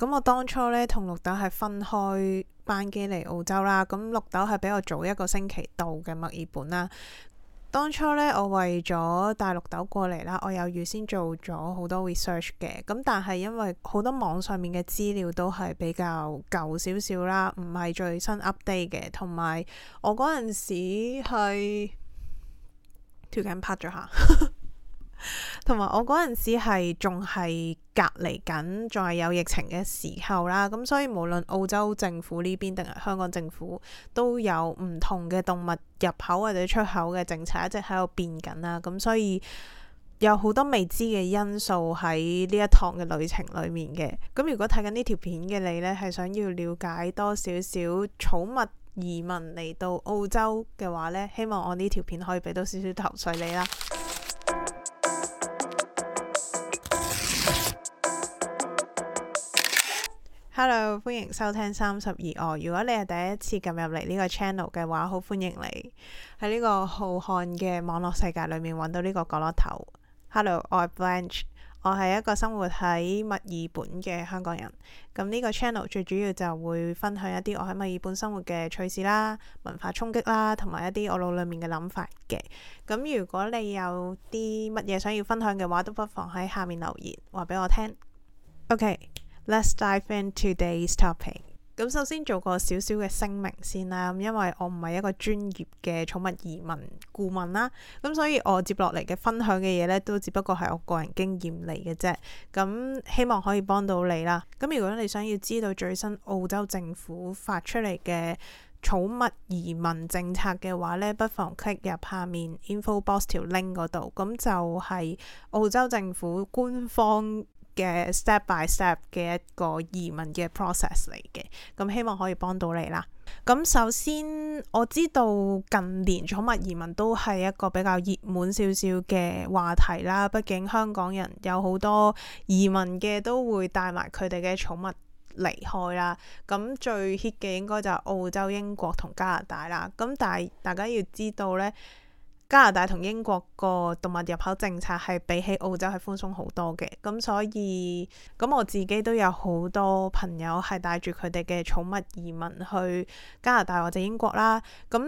咁我當初呢，同綠豆係分開班機嚟澳洲啦，咁綠豆係比我早一個星期到嘅墨爾本啦。當初呢，我為咗帶綠豆過嚟啦，我有預先做咗好多 research 嘅，咁但係因為好多網上面嘅資料都係比較舊少少啦，唔係最新 update 嘅，同埋我嗰陣時係條頸拍咗下。 同埋我嗰陣時係仲係隔離緊，仲係有疫情嘅時候啦，咁所以無論澳洲政府呢邊定係香港政府，都有唔同嘅動物入口或者出口嘅政策，一直喺度變緊啦。咁所以有好多未知嘅因素喺呢一趟嘅旅程裏面嘅。咁如果睇緊呢條片嘅你呢，係想要了解多少少寵物移民嚟到澳洲嘅話呢，希望我呢條片可以俾到少少頭緒你啦。Hello，歡迎收聽三十二外。如果你係第一次撳入嚟呢個 channel 嘅話，好歡迎你喺呢個浩瀚嘅網絡世界裏面揾到呢個角落頭。Hello，I'm Blanche，我係一個生活喺墨爾本嘅香港人。咁、這、呢個 channel 最主要就會分享一啲我喺墨爾本生活嘅趣事啦、文化衝擊啦，同埋一啲我腦裏面嘅諗法嘅。咁如果你有啲乜嘢想要分享嘅話，都不妨喺下面留言話俾我聽。OK。Let's dive into today's topic。咁首先做個少少嘅聲明先啦，因為我唔係一個專業嘅寵物移民顧問啦，咁所以我接落嚟嘅分享嘅嘢呢，都只不過係我個人經驗嚟嘅啫。咁希望可以幫到你啦。咁如果你想要知道最新澳洲政府發出嚟嘅寵物移民政策嘅話呢，不妨 click 入下面 info box 條 link 嗰度，咁就係澳洲政府官方。嘅 step by step 嘅一個移民嘅 process 嚟嘅，咁希望可以幫到你啦。咁首先我知道近年寵物移民都係一個比較熱門少少嘅話題啦，畢竟香港人有好多移民嘅都會帶埋佢哋嘅寵物離開啦。咁最 hit 嘅應該就係澳洲、英國同加拿大啦。咁但係大家要知道咧。加拿大同英國個動物入口政策係比起澳洲係寬鬆好多嘅，咁所以咁我自己都有好多朋友係帶住佢哋嘅寵物移民去加拿大或者英國啦，咁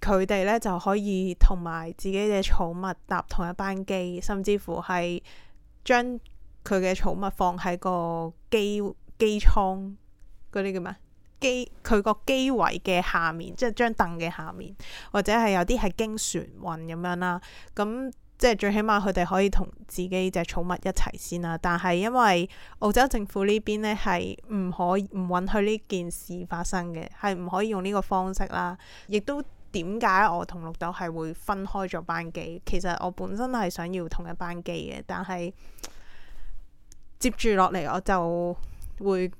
佢哋呢就可以同埋自己嘅寵物搭同一班機，甚至乎係將佢嘅寵物放喺個機機艙嗰啲叫咩？機佢個機位嘅下面，即係張凳嘅下面，或者係有啲係經船運咁樣啦。咁即係最起碼佢哋可以同自己隻寵物一齊先啦。但係因為澳洲政府呢邊咧，係唔可唔允許呢件事發生嘅，係唔可以用呢個方式啦。亦都點解我同綠豆係會分開咗班機？其實我本身係想要同一班機嘅，但係接住落嚟我就會。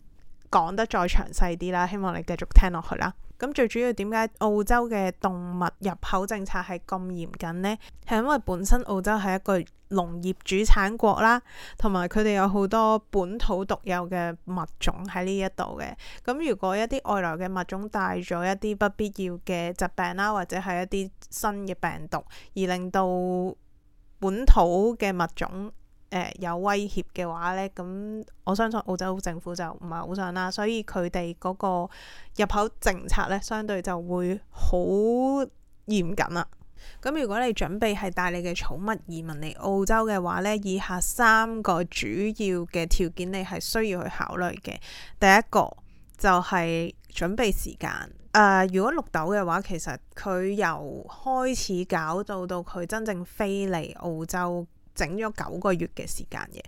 講得再詳細啲啦，希望你繼續聽落去啦。咁最主要點解澳洲嘅動物入口政策係咁嚴謹呢？係因為本身澳洲係一個農業主產國啦，同埋佢哋有好多本土獨有嘅物種喺呢一度嘅。咁如果一啲外來嘅物種帶咗一啲不必要嘅疾病啦，或者係一啲新嘅病毒，而令到本土嘅物種。誒、呃、有威脅嘅話呢，咁我相信澳洲政府就唔係好想啦，所以佢哋嗰個入口政策呢，相對就會好嚴謹啦。咁、嗯、如果你準備係帶你嘅寵物移民嚟澳洲嘅話呢，以下三個主要嘅條件你係需要去考慮嘅。第一個就係準備時間。誒、呃，如果綠豆嘅話，其實佢由開始搞到到佢真正飛嚟澳洲。整咗九個月嘅時間嘅，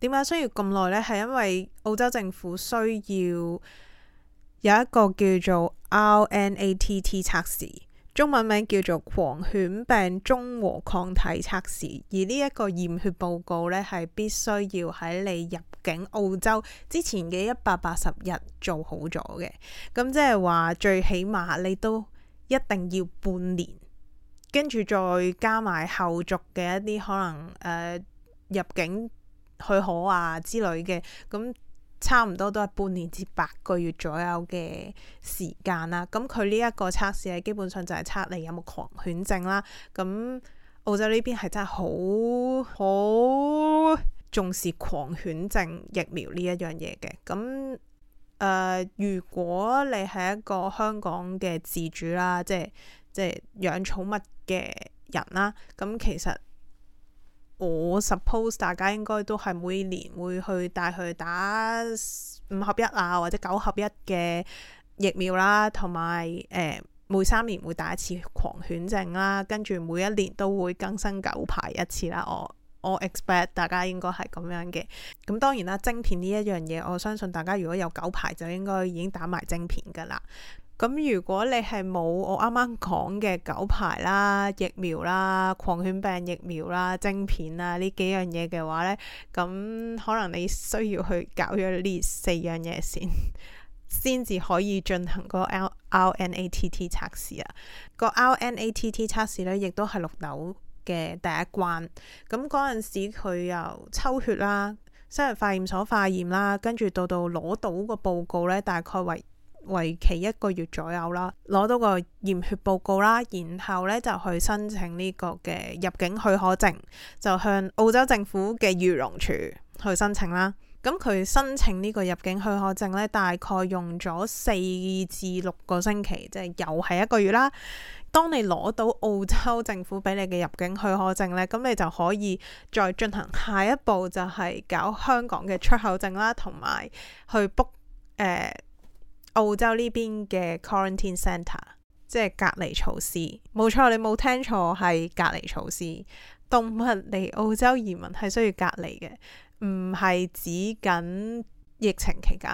點解需要咁耐咧？係因為澳洲政府需要有一個叫做 RNATT 測試，中文名叫做狂犬病中和抗體測試，而呢一個驗血報告咧，係必須要喺你入境澳洲之前嘅一百八十日做好咗嘅，咁即係話最起碼你都一定要半年。跟住再加埋後續嘅一啲可能誒、呃、入境許可啊之類嘅，咁差唔多都係半年至八個月左右嘅時間啦。咁佢呢一個測試係基本上就係測你有冇狂犬症啦。咁澳洲呢邊係真係好好重視狂犬症疫苗呢一樣嘢嘅。咁誒、呃，如果你係一個香港嘅自主啦，即係即係養寵物嘅人啦，咁其實我 suppose 大家應該都係每年會去帶佢打五合一啊，或者九合一嘅疫苗啦，同埋誒每三年會打一次狂犬症啦，跟住每一年都會更新狗牌一次啦。我我 expect 大家應該係咁樣嘅。咁當然啦，晶片呢一樣嘢，我相信大家如果有狗牌，就應該已經打埋晶片噶啦。咁如果你係冇我啱啱講嘅狗牌啦、疫苗啦、狂犬病疫苗啦、晶片啦，呢幾樣嘢嘅話呢，咁可能你需要去搞咗呢四樣嘢先，先至可以進行個 R N A T T 測試啊。個 R N A T T 測試呢，亦都係綠豆嘅第一關。咁嗰陣時佢又抽血啦，收入化驗所化驗啦，跟住到到攞到個報告呢，大概為。為期一個月左右啦，攞到個驗血報告啦，然後咧就去申請呢個嘅入境許可證，就向澳洲政府嘅漁農署去申請啦。咁佢申請呢個入境許可證咧，大概用咗四至六個星期，即係又係一個月啦。當你攞到澳洲政府俾你嘅入境許可證咧，咁你就可以再進行下一步，就係搞香港嘅出口證啦，同埋去 book 誒。呃澳洲呢邊嘅 quarantine center，即係隔離措施，冇錯，你冇聽錯，係隔離措施。動物嚟澳洲移民係需要隔離嘅，唔係指緊疫情期間，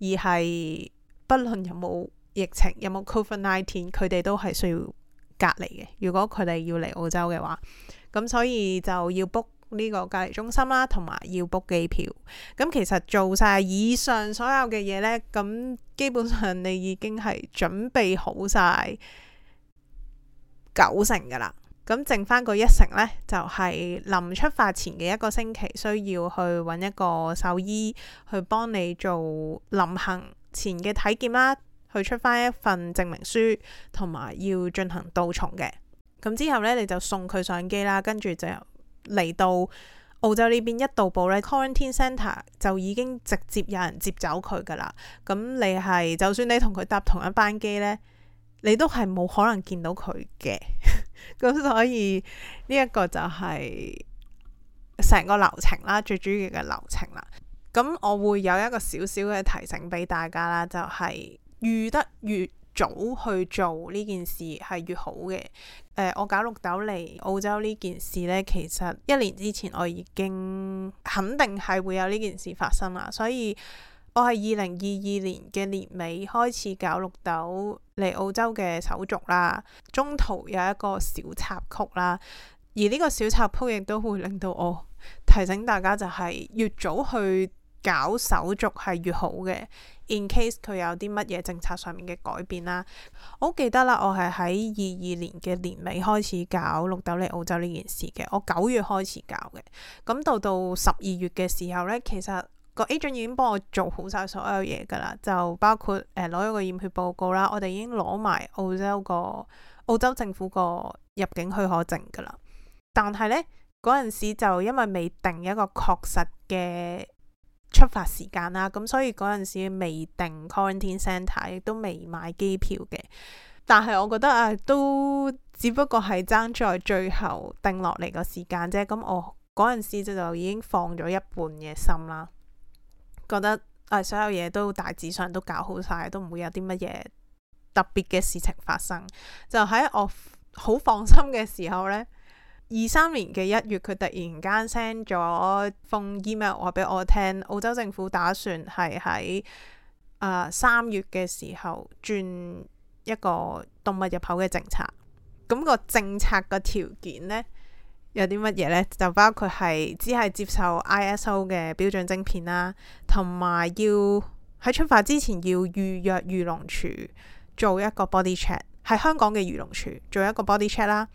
而係不論有冇疫情，有冇 covid nineteen，佢哋都係需要隔離嘅。如果佢哋要嚟澳洲嘅話，咁所以就要 book 呢個隔離中心啦，同埋要 book 機票咁，其實做晒以上所有嘅嘢呢，咁基本上你已經係準備好晒九成噶啦。咁剩翻嗰一成呢，就係臨出發前嘅一個星期，需要去揾一個獸醫去幫你做臨行前嘅體檢啦，去出翻一份證明書，同埋要進行杜蟲嘅。咁之後呢，你就送佢上機啦，跟住就。嚟到澳洲呢邊一到埗咧，Quarantine Center 就已經直接有人接走佢噶啦。咁你係就算你同佢搭同一班機咧，你都係冇可能見到佢嘅。咁 所以呢一、這個就係成個流程啦，最主要嘅流程啦。咁我會有一個小小嘅提醒俾大家啦，就係、是、預得越。早去做呢件事係越好嘅。誒、呃，我搞綠豆嚟澳洲呢件事呢，其實一年之前我已經肯定係會有呢件事發生啦。所以，我係二零二二年嘅年尾開始搞綠豆嚟澳洲嘅手續啦。中途有一個小插曲啦，而呢個小插曲亦都會令到我提醒大家，就係越早去。搞手續係越好嘅，in case 佢有啲乜嘢政策上面嘅改變啦。我記得啦，我係喺二二年嘅年尾開始搞綠豆嚟澳洲呢件事嘅，我九月開始搞嘅。咁到到十二月嘅時候呢，其實個 agent 已經幫我做好晒所有嘢噶啦，就包括誒攞咗個驗血報告啦，我哋已經攞埋澳洲個澳洲政府個入境許可證噶啦。但係呢，嗰陣時就因為未定一個確實嘅。出發時間啦，咁所以嗰陣時未定 quarantine center，亦都未買機票嘅。但係我覺得啊，都只不過係爭在最後定落嚟個時間啫。咁我嗰陣時就已經放咗一半嘅心啦，覺得啊所有嘢都大致上都搞好晒，都唔會有啲乜嘢特別嘅事情發生。就喺我好放心嘅時候呢。二三年嘅一月，佢突然間 send 咗封 email 話俾我聽，澳洲政府打算係喺啊三月嘅時候轉一個動物入口嘅政策。咁個政策嘅條件呢，有啲乜嘢呢？就包括係只係接受 ISO 嘅標準晶片啦，同埋要喺出發之前要預約漁農署做一個 body check，係香港嘅漁農署做一個 body check 啦。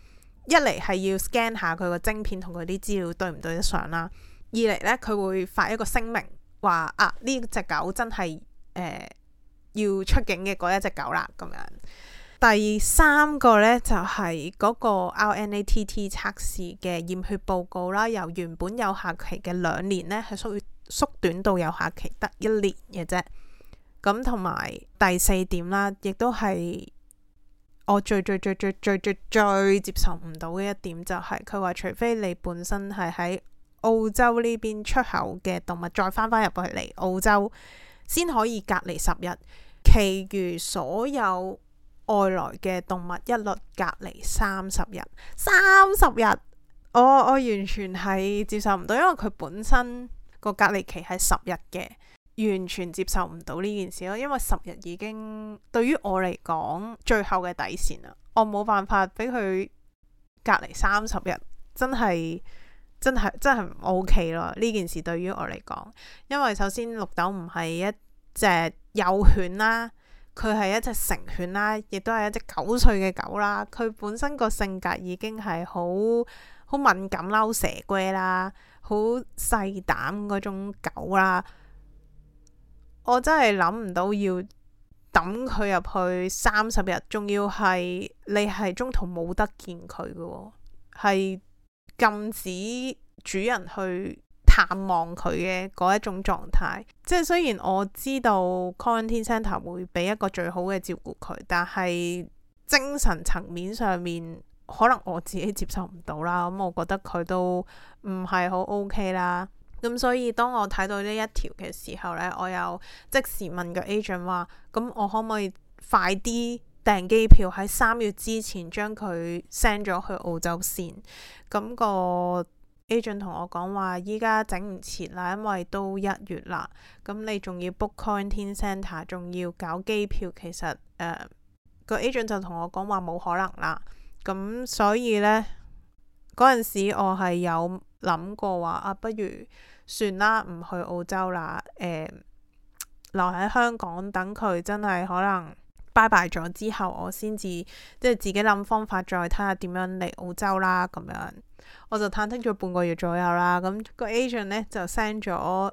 一嚟係要 scan 下佢個晶片同佢啲資料對唔對得上啦，二嚟呢，佢會發一個聲明話啊呢隻狗真係誒、呃、要出境嘅嗰一隻狗啦咁樣。第三個呢，就係、是、嗰個 RNATT 測試嘅驗血報告啦，由原本有效期嘅兩年呢，係縮短到有效期得一年嘅啫。咁同埋第四點啦，亦都係。我最最最最最最最接受唔到嘅一點就係佢話，除非你本身係喺澳洲呢邊出口嘅動物，再翻翻入去嚟澳洲，先可以隔離十日；其餘所有外來嘅動物一律隔離三十日。三十日，我、哦、我完全係接受唔到，因為佢本身個隔離期係十日嘅。完全接受唔到呢件事咯，因為十日已經對於我嚟講最後嘅底線啦。我冇辦法俾佢隔離三十日，真係真係真係唔 OK 咯。呢件事對於我嚟講，因為首先綠豆唔係一隻幼犬啦，佢係一隻成犬啦，亦都係一隻九歲嘅狗啦。佢本身個性格已經係好好敏感、撈蛇龜啦，好細膽嗰種狗啦。我真係諗唔到要抌佢入去三十日，仲要係你係中途冇得見佢嘅喎，係禁止主人去探望佢嘅嗰一種狀態。即係雖然我知道 Quarantine Centre 會俾一個最好嘅照顧佢，但係精神層面上面可能我自己接受唔到啦。咁我覺得佢都唔係好 OK 啦。咁所以當我睇到呢一條嘅時候呢，我有即時問個 agent 話：咁我可唔可以快啲訂機票喺三月之前將佢 send 咗去澳洲先？咁個 agent 同我講話：依家整唔切啦，因為都一月啦。咁你仲要 book quarantine center 仲要搞機票，其實誒個、呃、agent 就同我講話冇可能啦。咁所以呢，嗰陣時，我係有諗過話：啊，不如。算啦，唔去澳洲啦，誒、呃，留喺香港等佢真係可能拜拜咗之後，我先至即係自己諗方法再睇下點樣嚟澳洲啦咁樣，我就忐忑咗半個月左右啦，咁、嗯,個 agent 呢就 send 咗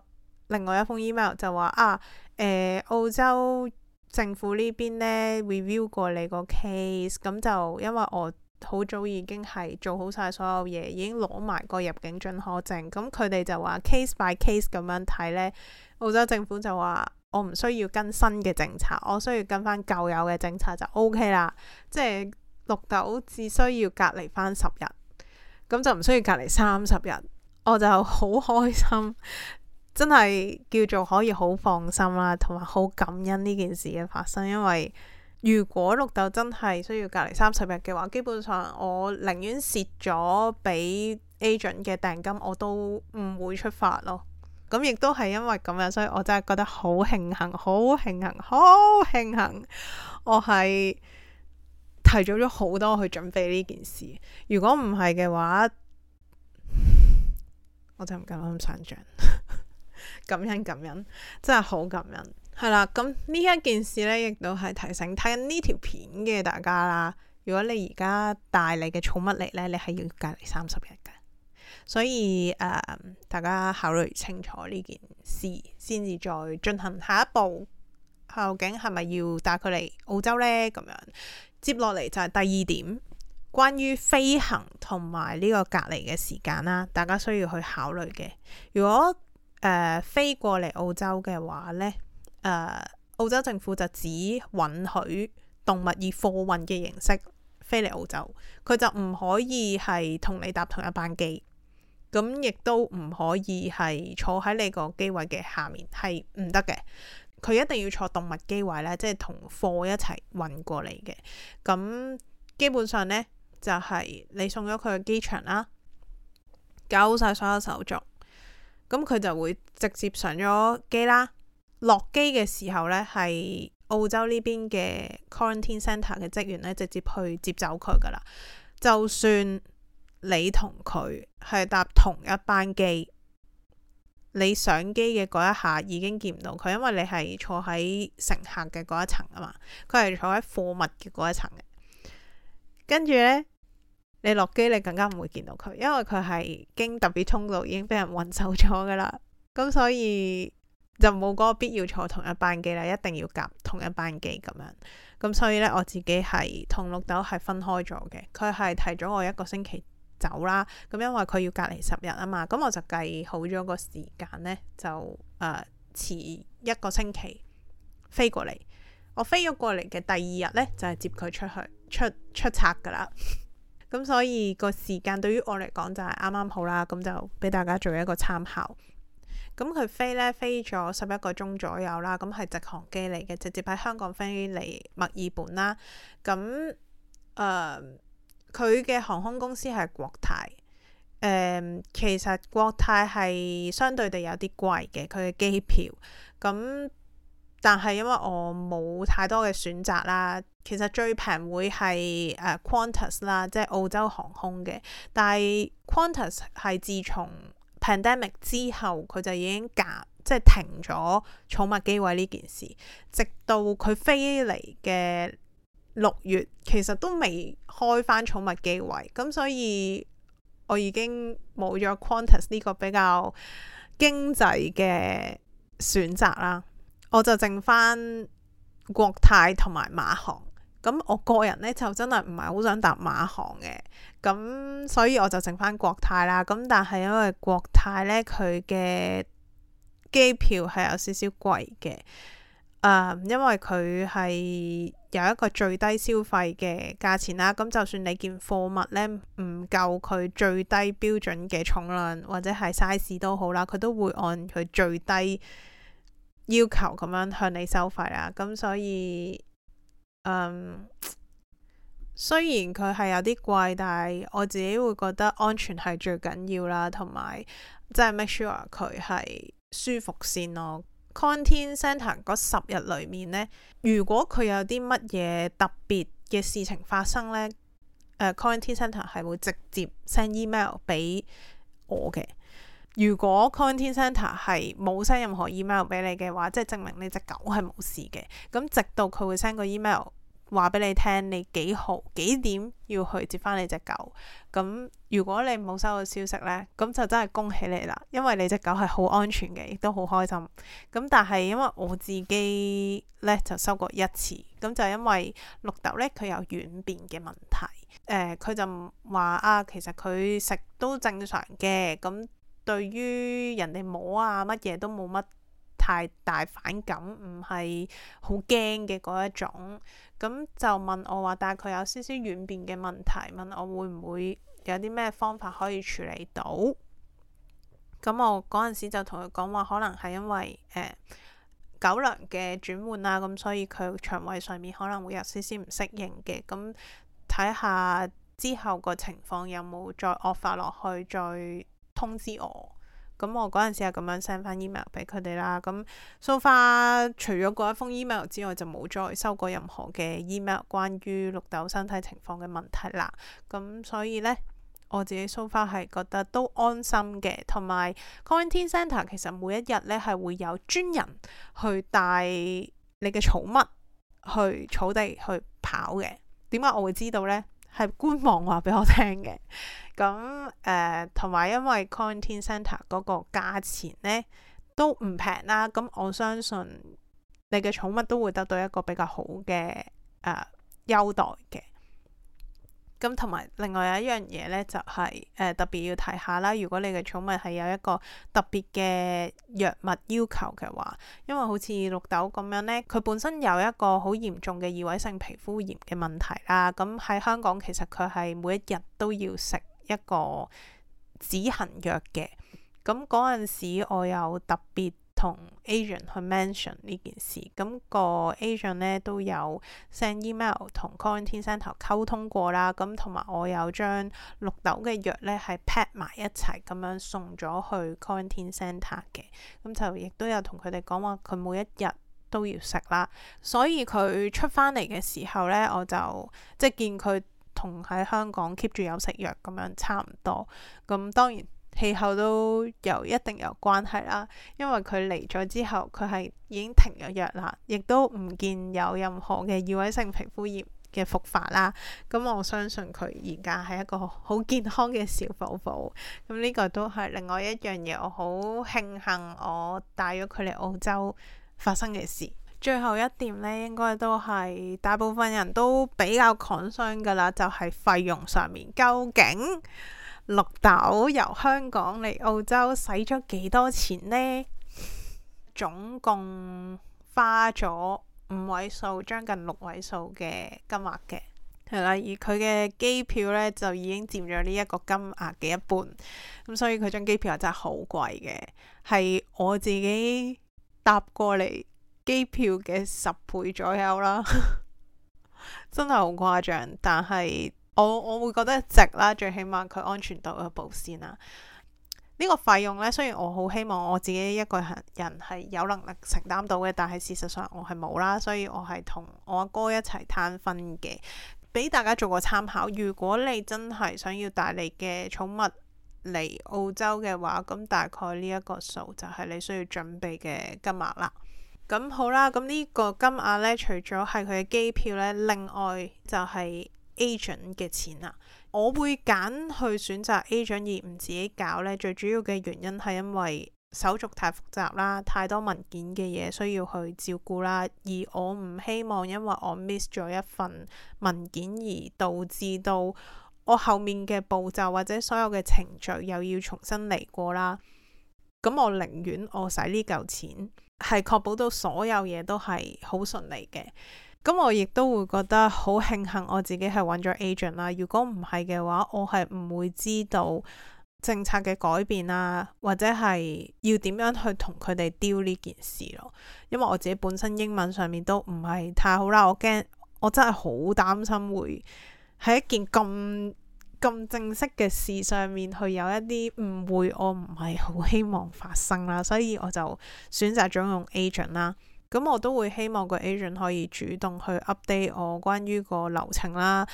另外一封 email 就話啊，誒、呃，澳洲政府呢邊呢 review 過你個 case，咁、嗯、就因為我。好早已經係做好晒所有嘢，已經攞埋個入境準可證。咁佢哋就話 case by case 咁樣睇呢，澳洲政府就話我唔需要跟新嘅政策，我需要跟翻舊有嘅政策就 O K 啦。即係綠豆只需要隔離翻十日，咁就唔需要隔離三十日。我就好開心，真係叫做可以好放心啦，同埋好感恩呢件事嘅發生，因為。如果綠豆真係需要隔離三十日嘅話，基本上我寧願蝕咗俾 agent 嘅訂金，我都唔會出發咯。咁亦都係因為咁樣，所以我真係覺得好慶幸、好慶幸、好慶幸。我係提早咗好多去準備呢件事。如果唔係嘅話，我就唔敢咁想像。 感恩感恩，真係好感恩。係啦，咁呢、嗯、一件事呢，亦都係提醒睇緊呢條片嘅大家啦。如果你而家帶你嘅寵物嚟呢，你係要隔離三十日㗎，所以誒、呃，大家考慮清楚呢件事先至再進行下一步。究竟係咪要帶佢嚟澳洲呢？咁樣接落嚟就係第二點，關於飛行同埋呢個隔離嘅時間啦。大家需要去考慮嘅，如果誒、呃、飛過嚟澳洲嘅話呢。誒，uh, 澳洲政府就只允許動物以貨運嘅形式飛嚟澳洲，佢就唔可以係同你搭同一班機，咁亦都唔可以係坐喺你個機位嘅下面，係唔得嘅。佢一定要坐動物機位呢，即係同貨一齊運過嚟嘅。咁基本上呢，就係、是、你送咗佢去機場啦，搞好晒所有手續，咁佢就會直接上咗機啦。落機嘅時候呢，係澳洲呢邊嘅 quarantine center 嘅職員呢，直接去接走佢噶啦。就算你同佢係搭同一班機，你上機嘅嗰一下已經見唔到佢，因為你係坐喺乘客嘅嗰一層啊嘛，佢係坐喺貨物嘅嗰一層嘅。跟住呢，你落機你更加唔會見到佢，因為佢係經特別通道已經俾人運走咗噶啦。咁所以。就冇嗰個必要坐同一班機啦，一定要夾同一班機咁樣。咁所以呢，我自己係同綠豆係分開咗嘅。佢係提早我一個星期走啦。咁因為佢要隔離十日啊嘛，咁我就計好咗個時間呢，就誒、呃、遲一個星期飛過嚟。我飛咗過嚟嘅第二日呢，就係、是、接佢出去出出冊㗎啦。咁 所以個時間對於我嚟講就係啱啱好啦。咁就俾大家做一個參考。咁佢飛呢，飛咗十一個鐘左右啦，咁係直航機嚟嘅，直接喺香港飛嚟墨爾本啦。咁誒，佢、呃、嘅航空公司係國泰。誒、呃，其實國泰係相對地有啲貴嘅，佢嘅機票。咁但係因為我冇太多嘅選擇啦，其實最平會係誒、呃、Qantas 啦，即係澳洲航空嘅。但係 Qantas 係自從 Pandemic 之後，佢就已經隔，即係停咗寵物機位呢件事，直到佢飛嚟嘅六月，其實都未開翻寵物機位，咁所以我已經冇咗 Qantas 呢個比較經濟嘅選擇啦，我就剩翻國泰同埋馬航。咁我個人呢就真係唔係好想搭馬航嘅，咁所以我就剩翻國泰啦。咁但係因為國泰呢，佢嘅機票係有少少貴嘅，嗯，因為佢係有一個最低消費嘅價錢啦。咁就算你件貨物呢唔夠佢最低標準嘅重量或者係 size 都好啦，佢都會按佢最低要求咁樣向你收費啦。咁所以。嗯，um, 雖然佢係有啲貴，但係我自己會覺得安全係最緊要啦，同埋即係 make sure 佢係舒服先咯。Quarantine Center 嗰十日裏面呢，如果佢有啲乜嘢特別嘅事情發生呢，呃，Quarantine Center 係會直接 send email 俾我嘅。如果 content center 係冇 send 任何 email 俾你嘅話，即係證明你隻狗係冇事嘅。咁直到佢會 send 個 email 話俾你聽，你幾號幾點要去接翻你隻狗。咁如果你冇收到消息咧，咁就真係恭喜你啦，因為你隻狗係好安全嘅，亦都好開心。咁但係因為我自己咧就收過一次，咁就因為綠豆咧佢有軟便嘅問題，誒，佢就唔話啊，其實佢食都正常嘅，咁。對於人哋摸啊乜嘢都冇乜太大反感，唔係好驚嘅嗰一種。咁就問我話，大概有少少軟便嘅問題，問我會唔會有啲咩方法可以處理到？咁我嗰陣時就同佢講話，可能係因為誒、呃、狗糧嘅轉換啊，咁所以佢腸胃上面可能會有少少唔適應嘅。咁睇下之後個情況有冇再惡化落去，再。通知我，咁我嗰陣時係咁樣 send 翻 email 俾佢哋啦。咁蘇花除咗嗰一封 email 之外，就冇再收過任何嘅 email 關於綠豆身體情況嘅問題啦。咁所以呢，我自己蘇花係覺得都安心嘅。同埋 quarantine center 其實每一日呢，係會有專人去帶你嘅寵物去草地去跑嘅。點解我會知道呢？係官網話俾我聽嘅，咁誒同埋因為 quarantine center 嗰個價錢咧都唔平啦，咁我相信你嘅寵物都會得到一個比較好嘅誒優待嘅。咁同埋另外有一樣嘢呢，就係誒特別要提下啦。如果你嘅寵物係有一個特別嘅藥物要求嘅話，因為好似綠豆咁樣呢，佢本身有一個好嚴重嘅異位性皮膚炎嘅問題啦。咁喺香港其實佢係每一日都要食一個止痕藥嘅。咁嗰陣時我有特別同 agent 去 mention 呢件事，咁個 agent 呢都有 send email 同 quarantine center 溝通過啦，咁同埋我有將綠豆嘅藥呢係 pack 埋一齊咁樣送咗去 quarantine center 嘅，咁就亦都有同佢哋講話佢每一日都要食啦，所以佢出翻嚟嘅時候呢，我就即係見佢同喺香港 keep 住有食藥咁樣差唔多，咁當然。氣候都有一定有關係啦，因為佢嚟咗之後，佢係已經停咗藥啦，亦都唔見有任何嘅異位性皮膚炎嘅復發啦。咁我相信佢而家係一個好健康嘅小寶寶。咁呢個都係另外一樣嘢，我好慶幸我帶咗佢嚟澳洲發生嘅事。最後一點呢，應該都係大部分人都比較抗傷㗎啦，就係費用上面究竟，綠豆由香港嚟澳洲使咗幾多錢呢？總共花咗五位數，將近六位數嘅金額嘅。係啦，而佢嘅機票呢，就已經佔咗呢一個金額嘅一半。咁所以佢張機票係真係好貴嘅，係我自己搭過嚟機票嘅十倍左右啦， 真係好誇張。但係我我會覺得值啦，最起碼佢安全度有保險啦。呢個費用呢，雖然我好希望我自己一個人係有能力承擔到嘅，但係事實上我係冇啦，所以我係同我阿哥一齊攤分嘅，俾大家做個參考。如果你真係想要帶你嘅寵物嚟澳洲嘅話，咁大概呢一個數就係你需要準備嘅金額啦。咁好啦，咁呢個金額呢，除咗係佢嘅機票呢，另外就係。Agent 嘅錢啊，我會揀去選擇 Agent 而唔自己搞呢。最主要嘅原因係因為手續太複雜啦，太多文件嘅嘢需要去照顧啦，而我唔希望因為我 miss 咗一份文件而導致到我後面嘅步驟或者所有嘅程序又要重新嚟過啦。咁我寧願我使呢嚿錢係確保到所有嘢都係好順利嘅。咁我亦都會覺得好慶幸我自己係揾咗 agent 啦。如果唔係嘅話，我係唔會知道政策嘅改變啊，或者係要點樣去同佢哋 deal 呢件事咯。因為我自己本身英文上面都唔係太好啦，我驚我真係好擔心會喺一件咁咁正式嘅事上面去有一啲誤會，我唔係好希望發生啦。所以我就選擇咗用 agent 啦。咁我都會希望個 agent 可以主動去 update 我關於個流程啦，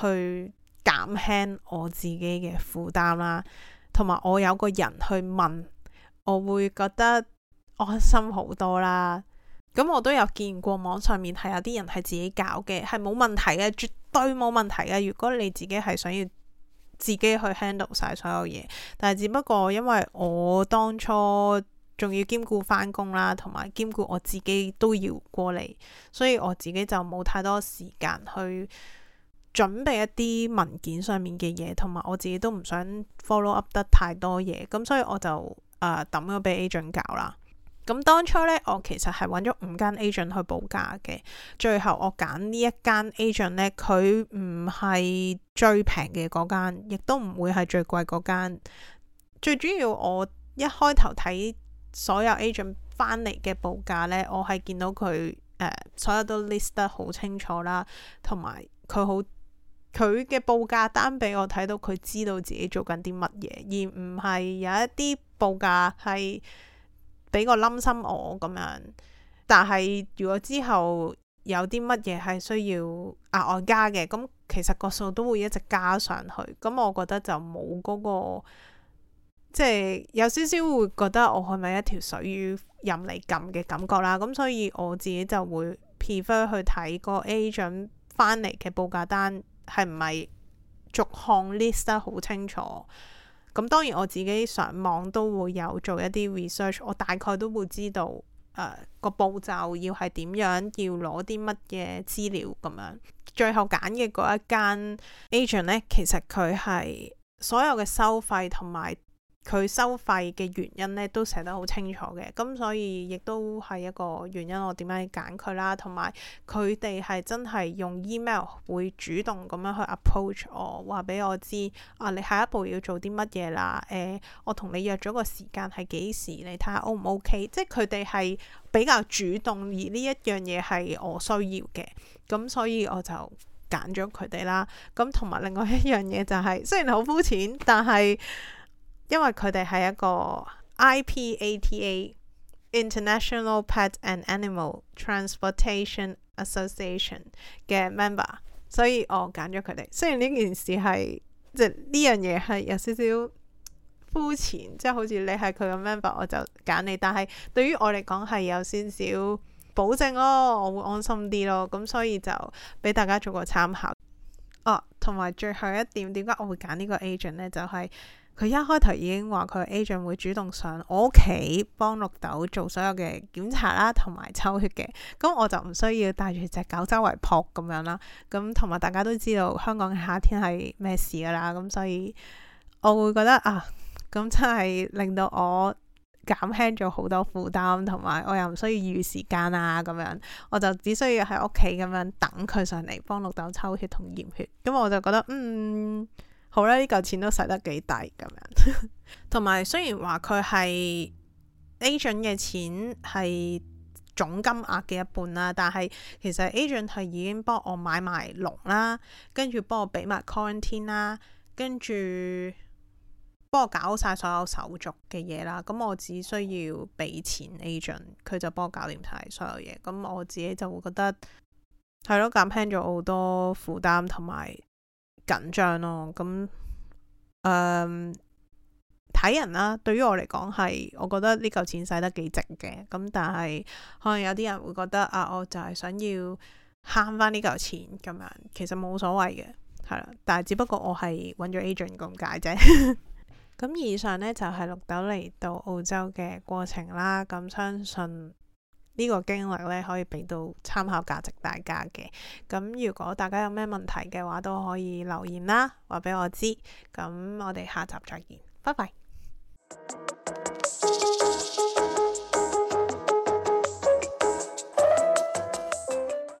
去減輕我自己嘅負擔啦，同埋我有個人去問，我會覺得安心好多啦。咁我都有見過網上面係有啲人係自己搞嘅，係冇問題嘅，絕對冇問題嘅。如果你自己係想要自己去 handle 晒所有嘢，但係只不過因為我當初。仲要兼顧翻工啦，同埋兼顧我自己都要過嚟，所以我自己就冇太多時間去準備一啲文件上面嘅嘢，同埋我自己都唔想 follow up 得太多嘢，咁所以我就誒抌咗俾 agent 搞啦。咁當初咧，我其實係揾咗五間 agent 去報價嘅，最後我揀呢一間 agent 咧，佢唔係最平嘅嗰間，亦都唔會係最貴嗰間，最主要我一開頭睇。所有 agent 翻嚟嘅報價呢，我係見到佢誒、呃，所有都 list 得好清楚啦，同埋佢好佢嘅報價單俾我睇到，佢知道自己做緊啲乜嘢，而唔係有一啲報價係俾個冧心我咁樣。但係如果之後有啲乜嘢係需要額外加嘅，咁其實個數都會一直加上去。咁我覺得就冇嗰、那個。即係有少少會覺得我係咪一條水魚任你撳嘅感覺啦，咁所以我自己就會 prefer 去睇個 agent 翻嚟嘅報價單係唔係逐項 list 得好清楚。咁當然我自己上網都會有做一啲 research，我大概都會知道誒個、呃、步驟要係點樣，要攞啲乜嘢資料咁樣。最後揀嘅嗰一間 agent 呢，其實佢係所有嘅收費同埋。佢收費嘅原因咧都寫得好清楚嘅，咁、嗯、所以亦都係一個原因，我點樣揀佢啦。同埋佢哋係真係用 email 會主動咁樣去 approach 我，話俾我知啊，你下一步要做啲乜嘢啦。誒、呃，我同你約咗個時間係幾時，你睇下 O 唔 O K？即係佢哋係比較主動，而呢一樣嘢係我需要嘅，咁、嗯、所以我就揀咗佢哋啦。咁同埋另外一樣嘢就係、是、雖然好膚淺，但係。因為佢哋係一個 IPATA International Pet and Animal Transportation Association 嘅 member，所以我揀咗佢哋。雖然呢件事係即係呢樣嘢係有少少膚淺，即係、就是、好似你係佢嘅 member，我就揀你。但係對於我嚟講係有少少保證咯，我會安心啲咯。咁所以就俾大家做個參考。哦、啊，同埋最後一點，點解我會揀呢個 agent 咧？就係、是。佢一開頭已經話佢 agent 會主動上我屋企幫綠豆做所有嘅檢查啦，同埋抽血嘅。咁我就唔需要帶住隻狗周圍撲咁樣啦。咁同埋大家都知道香港嘅夏天係咩事噶啦。咁所以我會覺得啊，咁真係令到我減輕咗好多負擔，同埋我又唔需要預時間啊。咁樣我就只需要喺屋企咁樣等佢上嚟幫綠豆抽血同驗血。咁我就覺得嗯。好啦，呢嚿錢都使得幾抵咁樣，同 埋雖然話佢係 agent 嘅錢係總金額嘅一半啦，但係其實 agent 係已經幫我買埋籠啦，跟住幫我俾埋 quarantine 啦，跟住幫我搞晒所有手續嘅嘢啦，咁我只需要俾錢 agent，佢就幫我搞掂晒所有嘢，咁我自己就會覺得係咯，減輕咗好多負擔同埋。緊張咯，咁誒睇人啦，啊。對於我嚟講，係我覺得呢嚿錢使得幾值嘅。咁但係可能有啲人會覺得啊，我就係想要慳翻呢嚿錢咁樣，其實冇所謂嘅係啦。但係只不過我係揾咗 agent 咁解啫。咁以上呢，就係、是、綠豆嚟到澳洲嘅過程啦。咁相信。呢個經歷咧，可以俾到參考價值大家嘅。咁如果大家有咩問題嘅話，都可以留言啦，話俾我知。咁我哋下集再見，拜拜。